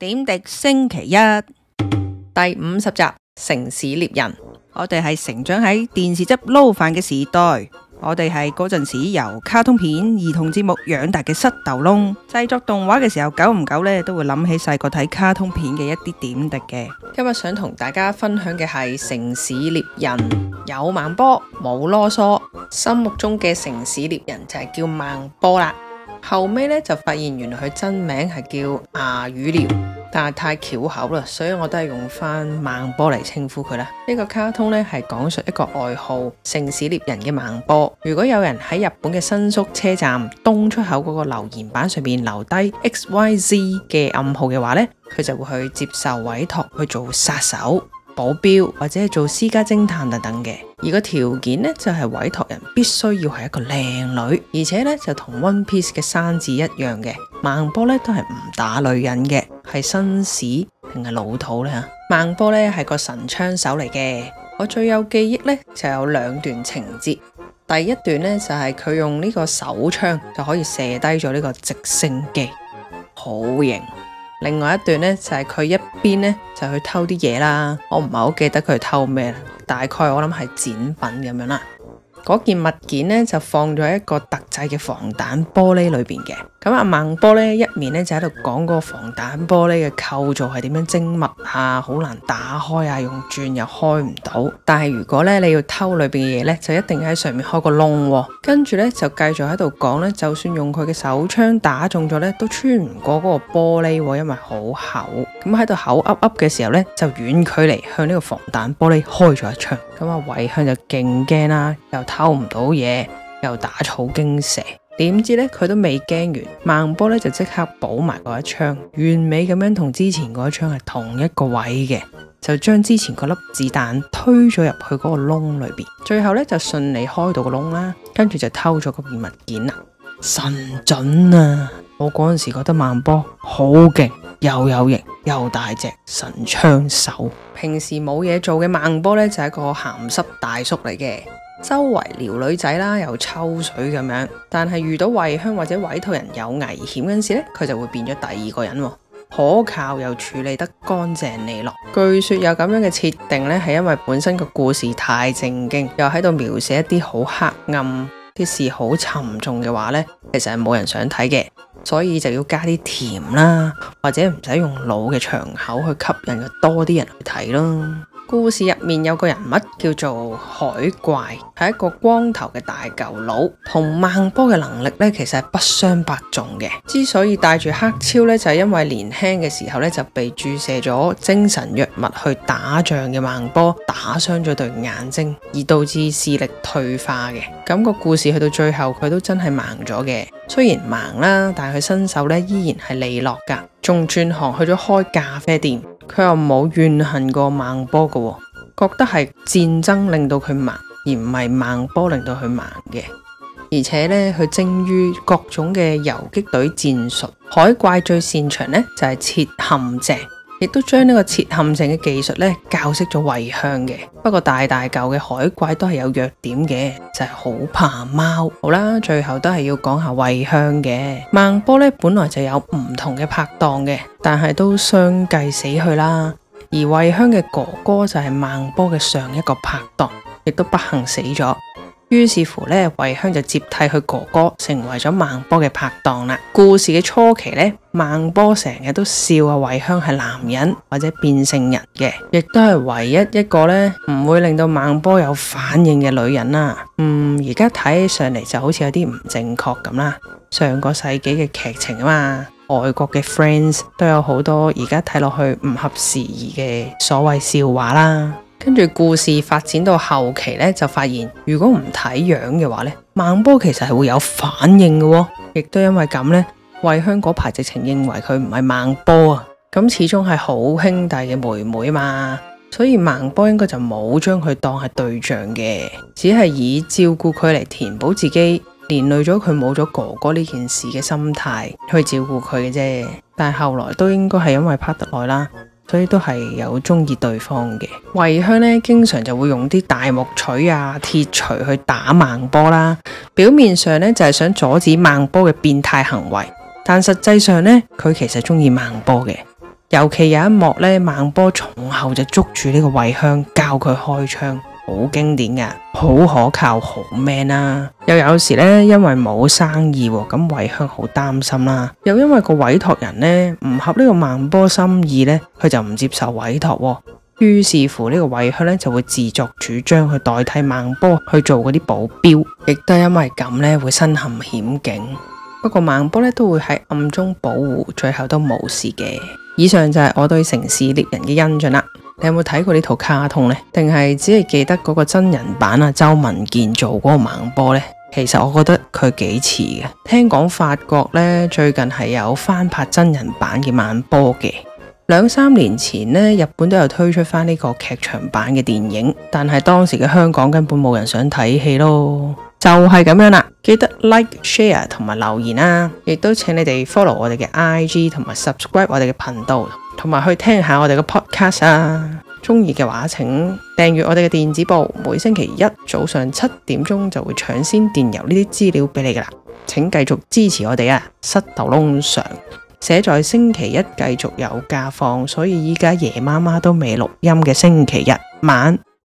點滴星期一第五十集《城市獵人》，我哋係成長喺電視汁撈飯嘅時代，我哋係嗰陣時由卡通片、兒童節目養大嘅塞豆窿。製作動畫嘅時候，久唔久咧都會諗起細個睇卡通片嘅一啲點滴嘅。今日想同大家分享嘅係《城市獵人》，有孟波，冇囉嗦。心目中嘅城市獵人就係叫孟波啦。後尾咧就發現，原來佢真名係叫冴羽獠，但係太拗口啦，所以我都係用返孟波嚟稱呼佢啦。呢、這個卡通咧係講述一個外號城市獵人嘅孟波。如果有人喺日本嘅新宿車站東出口嗰個留言板上面留低 X Y Z 嘅暗號嘅話咧，佢就會去接受委託去做殺手。保鏢或者係做私家偵探等等嘅，而個條件呢就係、是、委託人必須要係一個靚女，而且呢就同 One Piece 嘅山治一樣嘅。孟波呢都係唔打女人嘅，係紳士定係老土呢？孟波呢係個神槍手嚟嘅，我最有記憶呢就有兩段情節，第一段呢就係、是、佢用呢個手槍就可以射低咗呢個直升機，好型。另外一段呢，就係、是、佢一邊呢，就去偷啲嘢啦，我唔係好記得佢偷咩，大概我諗係展品咁樣啦。嗰件物件咧就放咗喺一個特製嘅防彈玻璃裏邊嘅。咁阿孟波咧一面咧就喺度講嗰個防彈玻璃嘅構造係點樣精密啊，好難打開啊，用鑽又開唔到。但係如果咧你要偷裏邊嘅嘢咧，就一定喺上面開個窿喎。跟住咧就繼續喺度講咧，就算用佢嘅手槍打中咗咧，都穿唔過嗰個玻璃喎，因為好厚。咁喺度口噏噏嘅時候咧，就遠距離向呢個防彈玻璃開咗一槍。咁阿偉香就勁驚啦，又～偷唔到嘢，又打草驚蛇，點知呢？佢都未驚完，孟波呢就即刻補埋嗰一槍，完美咁樣同之前嗰一槍係同一個位嘅，就將之前嗰粒子彈推咗入去嗰個窿裏邊，最後呢，就順利開到個窿啦，跟住就偷咗嗰件物件啦，神準啊！我嗰陣時覺得孟波好勁，又有型又大隻，神槍手。平時冇嘢做嘅孟波呢，就係一個鹹濕大叔嚟嘅。周圍撩女仔啦，又抽水咁樣，但係遇到惠香或者委託人有危險嗰陣時咧，佢就會變咗第二個人，可靠又處理得乾淨利落。據說有咁樣嘅設定咧，係因為本身個故事太正經，又喺度描寫一啲好黑暗、啲事好沉重嘅話咧，其實係冇人想睇嘅，所以就要加啲甜啦，或者唔使用腦嘅場口去吸引多啲人去睇咯。故事入面有個人物叫做海怪，係一個光頭嘅大舊佬，同孟波嘅能力咧其實係不相伯仲嘅。之所以帶住黑超咧，就係因為年輕嘅時候咧就被注射咗精神藥物去打仗嘅孟波打傷咗對眼睛，而導致視力退化嘅。咁、那個故事去到最後佢都真係盲咗嘅，雖然盲啦，但係佢身手咧依然係利落㗎，仲轉行去咗開咖啡店。佢又冇怨恨過孟波嘅喎、哦，覺得係戰爭令到佢盲，而唔係孟波令到佢盲嘅。而且呢，佢精於各種嘅游擊隊戰術，海怪最擅長呢就係、是、設陷阱。亦都將呢個切陷阱嘅技術呢教識咗慧香嘅。不過大大嚿嘅海怪都係有弱點嘅，就係好怕貓。好啦，最後都係要講下慧香嘅。孟波呢本來就有唔同嘅拍檔嘅，但係都相繼死去啦。而慧香嘅哥哥就係孟波嘅上一個拍檔，亦都不幸死咗。於是乎呢，惠香就接替佢哥哥，成為咗孟波嘅拍檔啦。故事嘅初期呢，孟波成日都笑惠香係男人或者變性人嘅，亦都係唯一一個呢唔會令到孟波有反應嘅女人啦。嗯，而家睇起上嚟，就好似有啲唔正確咁啦。上個世紀嘅劇情啊嘛，外國嘅 Friends 都有好多而家睇落去唔合時宜嘅所謂笑話啦。跟住故事發展到後期咧，就發現如果唔睇樣嘅話咧，孟波其實係會有反應嘅喎，亦都因為咁咧，惠香嗰排直情認為佢唔係孟波啊，咁始終係好兄弟嘅妹妹嘛，所以孟波應該就冇將佢當係對象嘅，只係以照顧佢嚟填補自己連累咗佢冇咗哥哥呢件事嘅心態去照顧佢嘅啫，但係後來都應該係因為拍得耐啦。所以都係有中意對方嘅，慧香咧經常就會用啲大木錘啊、鐵錘去打孟波啦。表面上咧就係、是、想阻止孟波嘅變態行為，但實際上咧佢其實中意孟波嘅。尤其有一幕咧，孟波從後就捉住呢個慧香教佢開槍。好經典嘅，好可靠，好 man 啦，啊。又有時咧，因為冇生意，咁惠香好擔心啦，啊。又因為個委託人咧唔合呢個孟波心意咧，佢就唔接受委託，啊。於是乎個呢個惠香咧就會自作主張去代替孟波去做嗰啲保鏢，亦都係因為咁咧會身陷險境。不過孟波咧都會喺暗中保護，最後都冇事嘅。以上就係我對城市獵人嘅印象啦。你有冇睇過呢套卡通呢？定係只係記得嗰個真人版啊？周文健做嗰個猛波呢？其實我覺得佢幾似嘅。聽講法國呢，最近係有翻拍真人版嘅猛波嘅。兩三年前呢，日本都有推出翻呢個劇場版嘅電影，但係當時嘅香港根本冇人想睇戲咯。就係咁樣啦，記得 like、share 同埋留言啊！亦都請你哋 follow 我哋嘅 IG 同埋 subscribe 我哋嘅頻道，同埋去聽下我哋嘅 podcast 啊！中意嘅話，請訂閱我哋嘅電子報，每星期一早上七點鐘就會搶先電郵呢啲資料俾你㗎啦！請繼續支持我哋啊！塞頭窿上，寫在星期一繼續有假放，所以依家夜媽媽都未錄音嘅星期日晚。